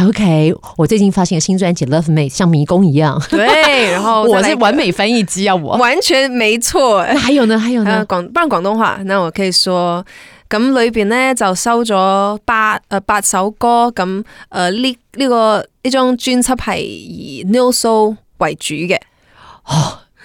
O、okay, K，我最近發現新專輯《Love Maze》像迷宮一樣，對，然後我是完美翻譯機啊，我 完全沒錯。還有呢？還有呢？廣，不然廣東話，那我可以說咁裏邊呢就收咗八誒、呃、八首歌，咁誒呢呢個呢張專輯係以 Neo Soul 為主嘅。